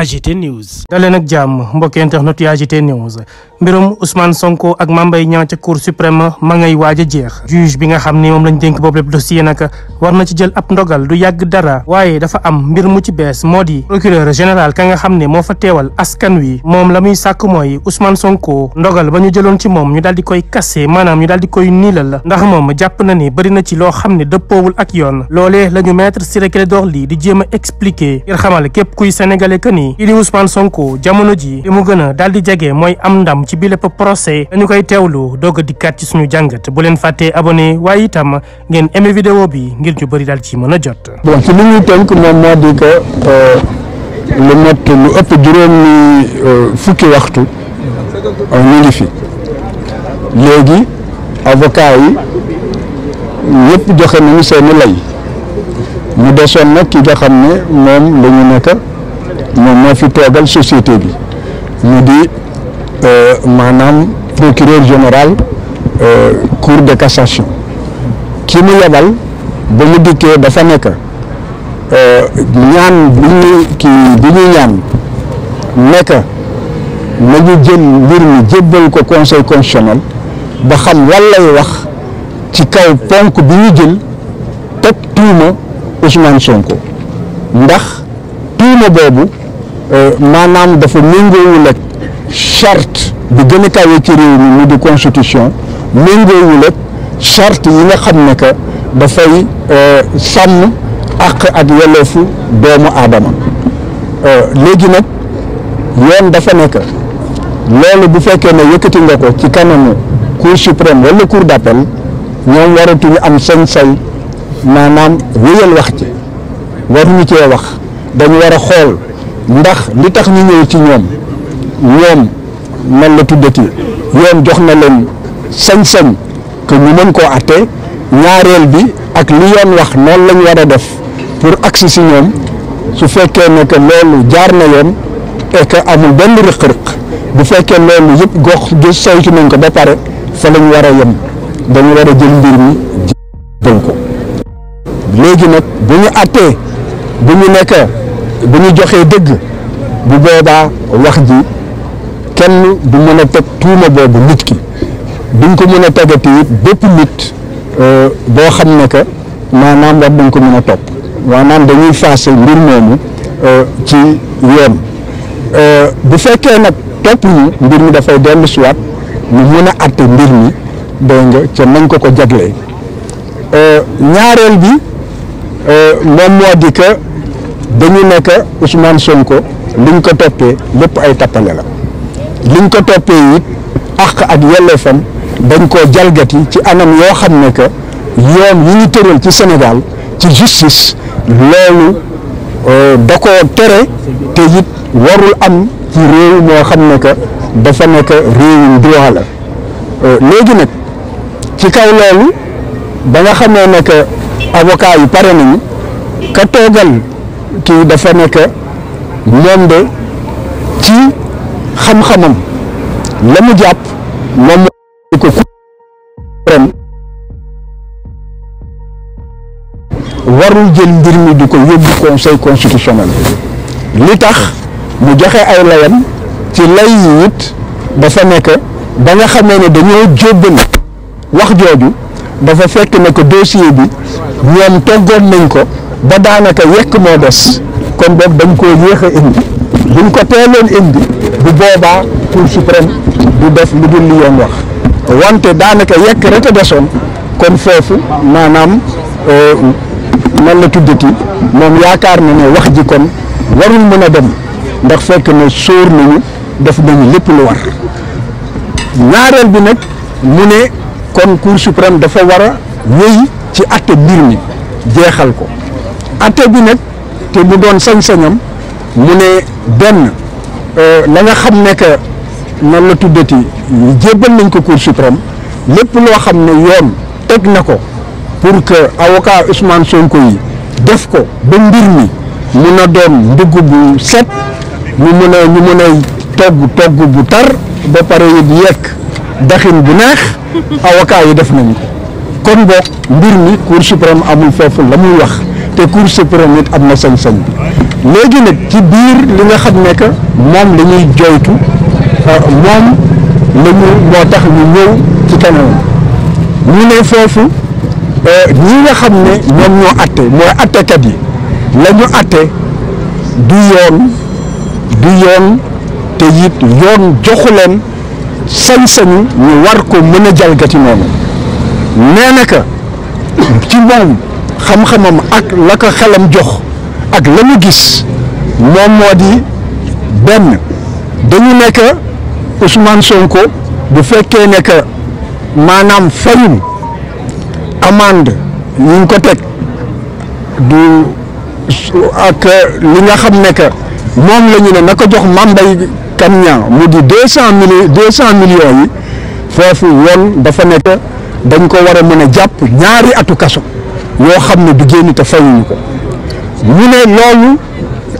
AGT News. daleen ak jàmm mbokki internet yi AGT News mbirum Ousmane Sonko ak Mame Mbaye Niang ca cour suprême ma ngay waaj a jeex juge bi nga xam ne moom lañu dénk boobu lépp dossier nag war na ci jël ab ndogal du yàgg dara waaye dafa am mbir mu ci bees moo di procureur général ka nga xam ne moo fa teewal askan wi moom la muy sàkk mooy Ousmane Sonko ndogal ba ñu jëloon ci moom ñu daal di koy kase maanaam ñu daal di koy niilal ndax moom jàpp na ni bari na ci loo xam ne dëppoowul ak yoon loolee la ñu maître Ciré Clédor Ly di jéem a expliquer ngir képp kuy sénégalais que ni ni kii di Ousmane jamono ji li mu gën a daal di jege mooy am ndam ci bi lépp procès dañu koy teewlu doog a dikkaat ci suñu jàngat bu leen fàttee abonné waaye itam ngeen aimé vidéo bi ngir ñu bëri daal ci mën a jot bon ci li ñuy tënk moom moo di que euh, lu mot lu ëpp juróomi euh, fukki waxtu euh, ñu ngi fi léegi avocat yi ñëpp joxe nañu seeni lay mu desoon nag ki nga xam ne moom la ñu nekk moom moo fi toogal société bi mu di euh, maanaam procureur général euh, cour de cassation ki mu yebal ba mu dikkee dafa nekk euh, ñaan bi ñu kii bi ñu ñaan nekk nañu jël mbir mi jébbal ko conseil constitutionnel ba xam lan wax ci kaw ponk bi ñu jël teg tuuma Ousmane Sonko ndax tuuma boobu euh, maanaam dafa méngoowul ak charte bi gën a kawe ci di constitution méngoowul ak charte yi nga xam ne que dafay euh, sàmm àq ak yelleefu doomu aadama euh, léegi nag yoon dafa nekk loolu bu fekkee ne yëkkati nga ko ci kanamu cour suprême wala cour d'appel ñoom waratuñu am sañ-sañ maanaam wéyal wax ci waruñu cee wax dañu war a xool ndax li tax ñu ñëw ci ñoom ñoom nan la tuddati yoon jox na leen sañ-sañ que ñu mën koo àtte ñaareel bi ak li yoon wax noonu lañ war a def pour agsi si ñoom su fekkee ne que loolu jaar na yoon et que amul benn rëq-rëq bu fekkee loolu yëpp gox ju saytu nañ ko ba pare fa lañ war a yem dañu war a jël mbir mi jëppal ko léegi nag bu ñu àttee bu ñu nekk bu ñu joxee dëgg bu boobaa wax ji kenn bu mën a teg tuuma boobu nit ki duñ ko mën a tegati it bépp euh, boo xam ne que maanaam war duñ ko mën a topp maanaam dañuy faase mbir moomu euh, ci yoon euh, bu fekkee nag topp ñu mbir mi dafay dellu siwaat mën a atte mbir mi dégg nga ca nañ ko ko jaglee ñaareel bi moom moo di que dañu nekk Ousmane Sonko liñ ko toppee lépp ay tappale la liñ ko toppee it àq ak yelleefam dañ ko jalgati ci anam yoo xam ne que yoon yi ñu tëral ci Sénégal ci justice loolu euh, da ko tere te it warul am ci réew moo xam ne que dafa nekk réewum droit la euh, léegi nag ci kaw loolu ba nga xamee ne que avocat yi pare nañu ka toogal. kii dafa nekk moom de ci xam-xamam la mu jàpp moom moo ko kuréel warul jël mbir mi di ko yóbbu conseil constitutionnel li tax mu joxe ay layam ci lay yi it dafa nekk ba nga xamee ne dañoo jóbbani wax jooju dafa fekk ne ko dossier bi ñoom toggoon nañ ko ba daanaka yekk moo des kon boog dañ koo yéex indi buñ ko teeloon indi bu boobaa cour suprême du def lu dul li yoon wax wante daanaka yekk rek desoon kon foofu maanaam euh, nan la tuddati moom yaakaar na ne wax ji kon warul mën a dem ndax fekk na sóor nañu def nañu lépp lu war ñaareel bi nag mu ne kon cour suprême dafa war a wéy ci àtte mbir mi jeexal ko atte bi nag te bu doon sañ-sañam mu ne benn euh, la nga xam ne que nan la tuddati jébbal nañ ko cour suprême lépp loo xam ne yoon teg na ko pour que avocat Ousmane Sonko yi def ko ba mbir mi mun a doon ndugg bu set ñu mën a ñu mën a togg togg bu tar ba pare it yekk daxin bu neex avocat yi def nañ kon boog mbir mi cour suprême amul foofu la muy wax te cour suprême am na sañ-sañ bi léegi nag ci biir li nga xam ne que moom lañuy ñuy euh, moom la ñu moo tax ñu ñëw ci kanam ñu ne foofu euh, ñi nga xam ne ñoom ñoo atte mooy attekat yi la ñu atte du yoon du yoon te yit yoon joxu leen sañ-sañu ñu war ko mën a jalgati noonu nee na ci moom xam-xamam ak la ko xelam jox ak la gis moom moo di benn dañu nekk Ousmane Sonko bu fekkee ne que maanaam fayum amande ñu ko teg du ak li nga xam ne que moom la ñu ne na ko jox mambay kam ñaa mu di deux cent mille deux cent millions yi foofu yoon dafa nekk dañ ko war a mën jàpp ñaari atu kaso yoo xam ne du génn te fayuñu ko ñu ne loolu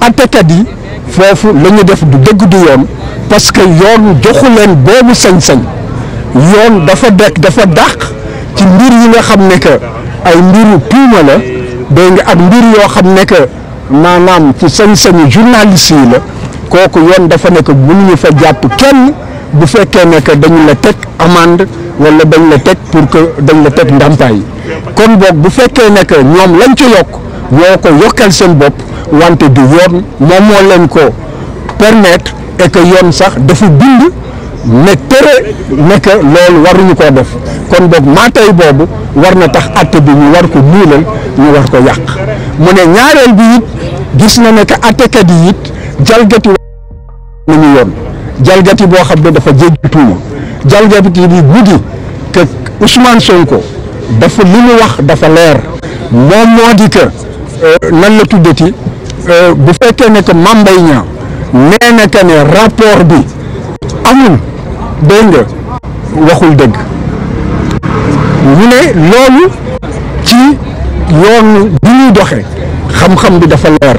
attekat yi foofu lañu def du dëgg du yoon parce que yoon joxu leen boobu sañ-sañ yoon dafa dekk dafa dàq ci mbir yi nga xam ne que ay mbiru tuuma la dégg nga ak mbir yoo xam ne que maanaam ci sañ-sañu journaliste yi la kooku yoon dafa nekk mënuñu fa jàpp kenn bu fekkee ne que dañu la teg amende wala dañ la teg pour que dañ la teg yi kon boog bu fekkee ne ñoom lañ ci yokk ñoo ko yokkal seen bopp wante du yoon moom moo leen ko permettre et que yoon sax dafa bind ne tere ne loolu waruñu koo def kon boog maatay boobu war na tax atte bi ñu war ko nuulal ñu war ko yàq mu ne ñaareel bi it gis na ne que attekat yi it jalgati nañu yoon jalgati boo xam ne dafa jéggi jalgati bi guddi que Ousmane Sonko dafa li mu wax dafa leer moom moo di que euh, nan la tuddati euh, bu fekkee ne que Mame Mbaye Niang nee ne rapport bi amul dégg nga waxul dëgg mu ne loolu ci yoon bi ñuy doxe xam-xam bi dafa leer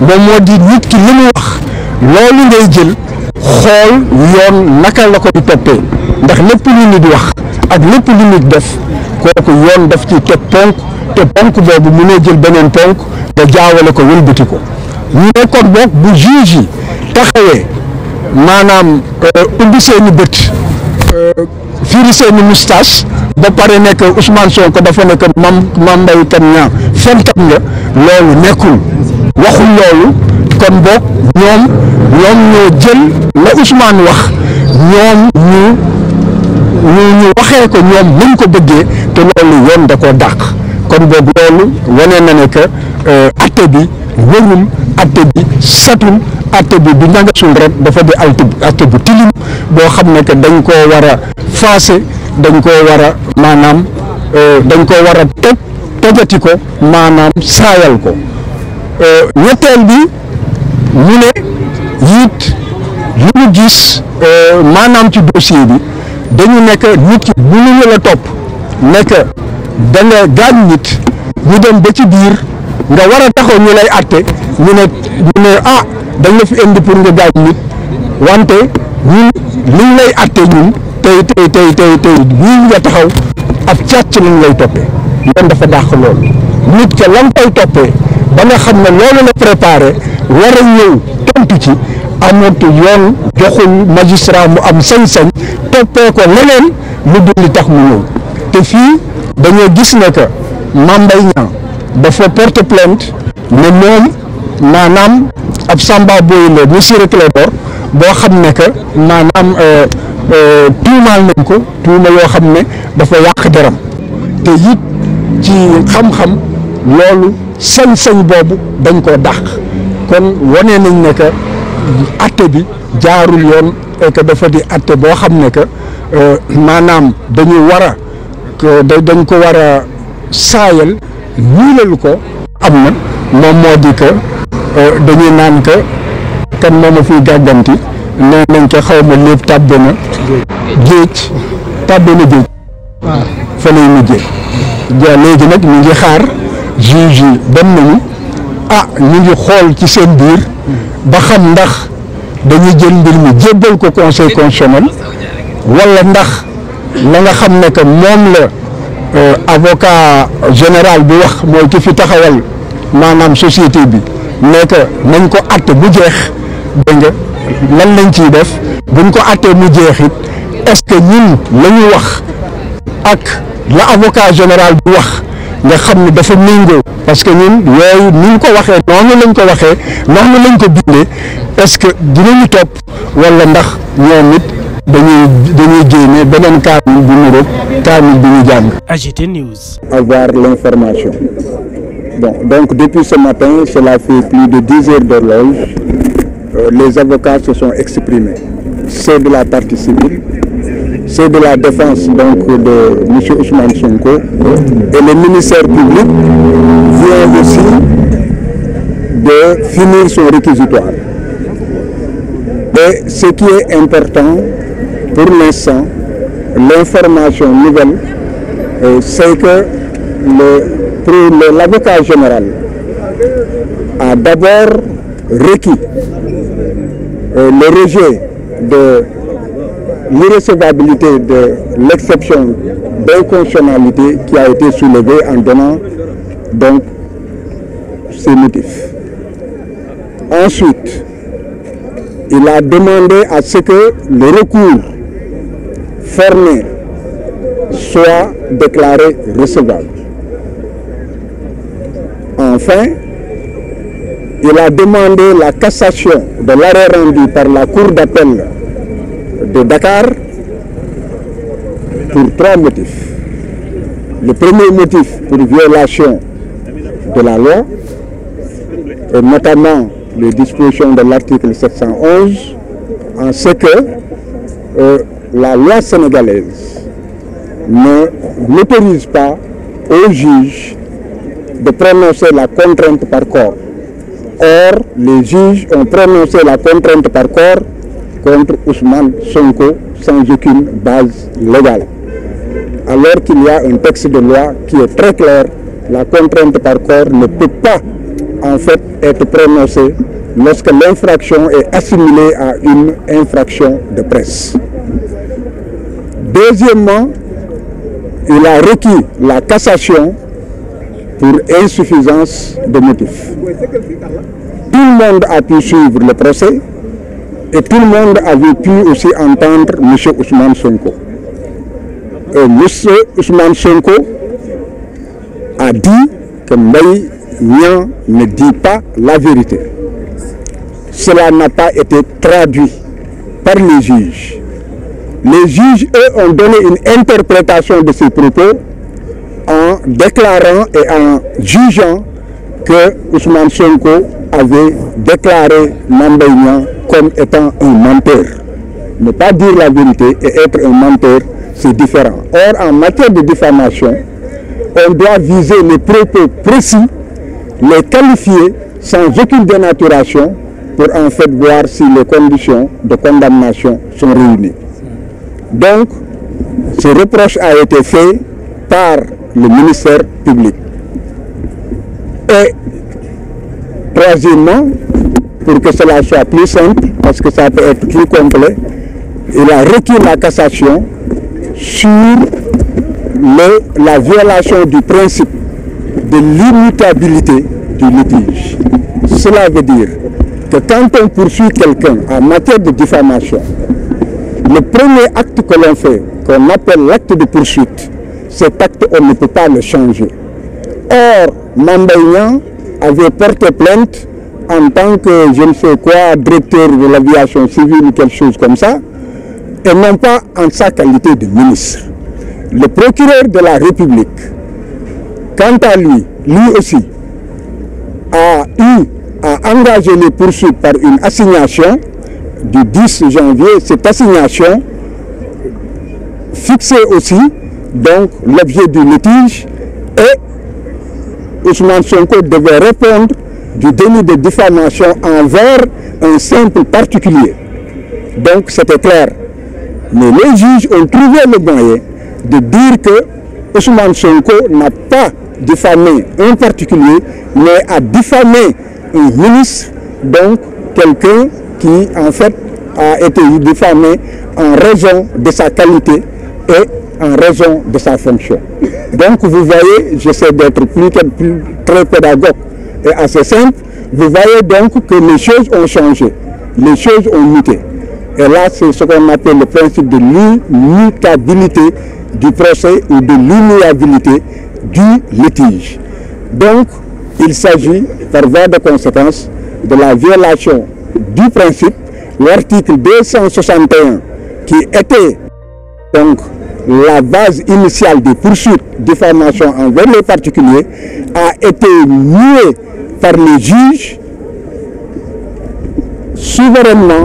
moom moo di nit ki li mu wax loolu ngay jël xool yoon naka la ko di toppee ndax lépp lu nit wax ak lépp lu nit def kooku yoon daf ci teg ponk te ponk boobu mu nee jël beneen ponk nga jaawale ko wëlbati ko mu nekkoon kon boog bu juge yi taxawee maanaam ubbi euh, seeni bët euh, firi seeni moustache ba pare nekk Ousmane Sonko dafa nekk mam mam mbay kan ñaa fenkat nga loolu nekkul waxul loolu kon boog ñoom ñoom ñoo jël la Ousmane wax ñoom ñu ñu ñu waxee ko ñoom nuñ ko bëggee te loolu yoon da koo dàq kon boog loolu wane na ne que euh, bi wërul atte bi setul atte bi bu ñangasul rek dafa di alte atte bu tilim boo xam ne que dañ koo war a faase dañ koo war a maanaam euh, dañ koo war a toj ko maanaam saayal ko Euh, ñetteel bi mu ne it li ñu gis euh, maanaam ci dossier bi dañu nekk nit ki bu ñu la topp nekk da nga gaañ nit ñu dem ba ci biir nga war a taxaw ñu lay atte ñu ne ñu ne ah dañ la fi indi pour nga gaañ nit wante ñun liñ lay atte ñun tey tey tey tey tey ñii nga taxaw ab càcc lañ lay toppee loolu dafa dàq loolu nit ka lan koy toppee ba nga xam ne loolu la préparé war a ñëw tontu ci amatu yoon joxul magistrat mu am sañ-sañ toppee ko leneen lu dul tax mu ñëw te fii dañoo gis ne que Mame Mbaye Niang dafa porte plainte ne moom maanaam ab Samba Boye la monsieur Clédor boo xam ne que maanaam euh, euh, tuumaal nañ ko tuuma yoo xam ne dafa yàq deram te it ci xam-xam. loolu sañ-sañ boobu dañ koo dàq kon wane nañ ne que atte bi jaarul yoon et que dafa di atte boo xam ne que euh, maanaam dañu war a dañ ko war a saayal ñuulalu ko am na moom moo di que euh, dañuy naan que kan mooma fi gàgganti nee nañ ko xaw ma lépp tàbbi na géej tàbbi fa lay mujjee léegi nag ñu ngi xaar juge yi dem nañu ah ñu ngi xool ci seen biir ba xam ndax dañuy jël mbir mi jébbal ko conseil constitutionnel walla ndax la nga xam ne que moom la euh, avocat général bi wax mooy ki fi taxawal maanaam société bi mais que nañ ko àtte bu jeex dégg nga lan lañ ciy def buñ ko àttee mu jeex est-ce que ñun la ñu wax ak la avocat général bi wax nga xam ni dafa méngoo parce que ñun yooyu ni ñu ko waxee noonu lañ ko waxee noonu lañ ko bindee est-ce que dinañu topp walla ndax ñoom it dañuy dañuy génne beneen kaamil bu mu rëb kaamil bi ñu jàng. AGT News. avoir l'information bon donc depuis ce matin cela fait plus de dix heures d'horloge euh, les avocats se sont exprimés ceux de la partie civile c'est de la défense donc de monsieur Ousmane Sonko et le ministère public vient aussi de finir son réquisitoire et ce qui est important pour l'instant l'information nouvelle euh, c'est que le l'avocat général a d'abord requis euh, le rejet de l'irrecevabilité de l'exception d'inconstitutionnalité qui a été soulevée en donnant donc ses motifs. Ensuite, il a demandé à ce que le recours formé soit déclaré recevable. Enfin, il a demandé la cassation de l'arrêt rendu par la Cour d'appel de Dakar pour trois motifs. Le premier motif pour violation de la loi, et notamment les dispositions de l'article en ce que euh, la loi sénégalaise ne n'autorise pas au juge de prononcer la contrainte par corps. Or, les juges ont prononcé la contrainte par corps contre Ousmane Sonko sans aucune base légale. Alors qu'il y a un texte de loi qui est très clair, la contrainte par corps ne peut pas en fait être prononcée lorsque l'infraction est assimilée à une infraction de presse. Deuxièmement, il a requis la cassation pour insuffisance de motifs. Tout le monde a pu suivre le procès. Et tout le monde avait pu aussi entendre M. Ousmane Sonko. Et M. Ousmane Sonko a dit que Mbaye Nian ne dit pas la vérité. Cela n'a pas été traduit par les juges. Les juges, eux, ont donné une interprétation de ces propos en déclarant et en jugeant que Ousmane Sonko avait déclaré Mbaye Nian comme étant un menteur. Ne pas dire la vérité et être un menteur, c'est différent. Or, en matière de diffamation, on doit viser les propos précis, les qualifier sans aucune dénaturation pour en fait voir si les conditions de condamnation sont réunies. Donc, ce reproche a été fait par le ministère public. Et troisièmement, pour que cela soit plus simple, parce que ça peut être plus complet, il a requis la cassation sur le, la violation du principe de l'immutabilité du litige. Cela veut dire que quand on poursuit quelqu'un en matière de diffamation, le premier acte que l'on fait, qu'on appelle l'acte de poursuite, cet acte, on ne peut pas le changer. Or, Mambayan avait porté plainte en tant que je ne sais quoi, directeur de l'aviation civile ou quelque chose comme ça, et non pas en sa qualité de ministre. Le procureur de la République, quant à lui, lui aussi, a eu à engager les poursuites par une assignation du 10 janvier. Cette assignation fixait aussi donc l'objet du litige et Ousmane Sonko devait répondre du délit de diffamation envers un simple particulier. Donc c'était clair. Mais les juges ont trouvé le moyen de dire que Ousmane Sonko n'a pas diffamé un particulier, mais a diffamé un ministre, donc quelqu'un qui en fait a été diffamé en raison de sa qualité et en raison de sa fonction. Donc vous voyez, j'essaie d'être plus, plus, très pédagogue est assez simple. Vous voyez donc que les choses ont changé, les choses ont muté. Et là, c'est ce qu'on appelle le principe de l'immutabilité du procès ou de l'immuabilité du litige. Donc, il s'agit, par voie de conséquence, de la violation du principe, l'article 261 qui était donc la base initiale des poursuites diffamation envers les particuliers a été muée par les juges souverainement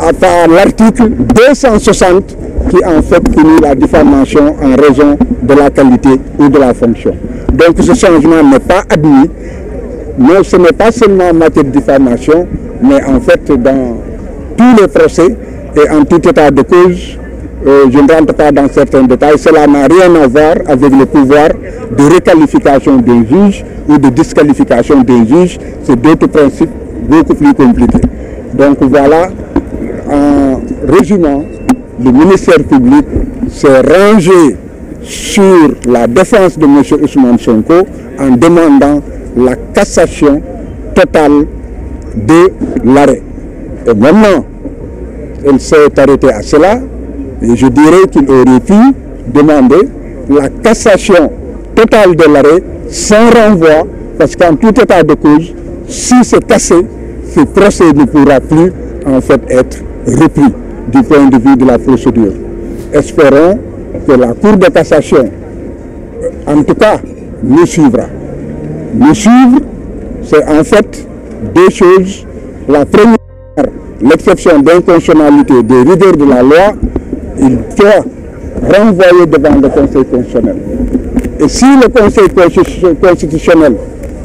à part l'article qui en fait punit la diffamation en raison de la qualité ou de la fonction. Donc ce changement n'est pas admis. Non, ce n'est pas seulement en matière de mais en fait dans tous les procès et en tout état de cause Euh, je ne rentre pas dans certains détails, cela n'a rien à voir avec le pouvoir de requalification d'un juge ou de disqualification d'un juge, c'est d'autres principes beaucoup plus compliqués. Donc voilà, en résumant, le ministère public s'est rangé sur la défense de M. Ousmane Sonko en demandant la cassation totale de l'arrêt. Et maintenant, elle s'est arrêtée à cela. Et je dirais qu'il aurait pu demander la cassation totale de l'arrêt sans renvoi, parce qu'en tout état de cause, si c'est cassé, ce procès ne pourra plus en fait être repris du point de vue de la procédure. Espérons que la Cour de cassation, en tout cas, nous suivra. Nous suivre, c'est en fait deux choses. La première, l'exception d'inconstitutionnalité des rigueurs de la loi il doit renvoyer devant le Conseil constitutionnel. Et si le Conseil constitutionnel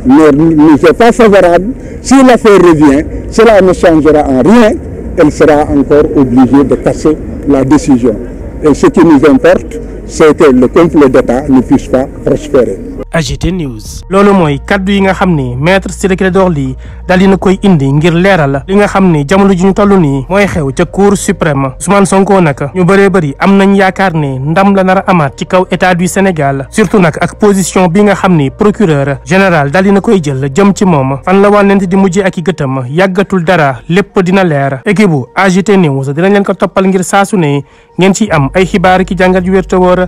ne nous est pas favorable, si l'affaire revient, cela ne changera en rien, elle sera encore obligée de casser la décision. Et ce qui nous importe, c'est que le complot d'État ne puisse pas prospérer. AGT News loolu mooy kaddu yi nga xam ni maître Ciré Clédor Ly daal dina koy indi ngir leeral li nga xam ni jamono ji ñu toll nii mooy xew ca cour suprême Ousmane Sonko nag ñu bëree bari am nañ yaakaar ne ndam la nar amaat ci kaw état du Sénégal surtout nag ak position bi nga xam ni procureur général daal dina koy jël jëm ci moom fan la wàllent di mujjee ak i gëtam yàggatul dara lépp dina leer équipe bu AGT News dinañ leen ko toppal ngir saa su ne ngeen ciy am ay xibaar ki jàngat yu wér te wóor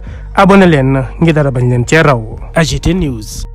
leen ngir news.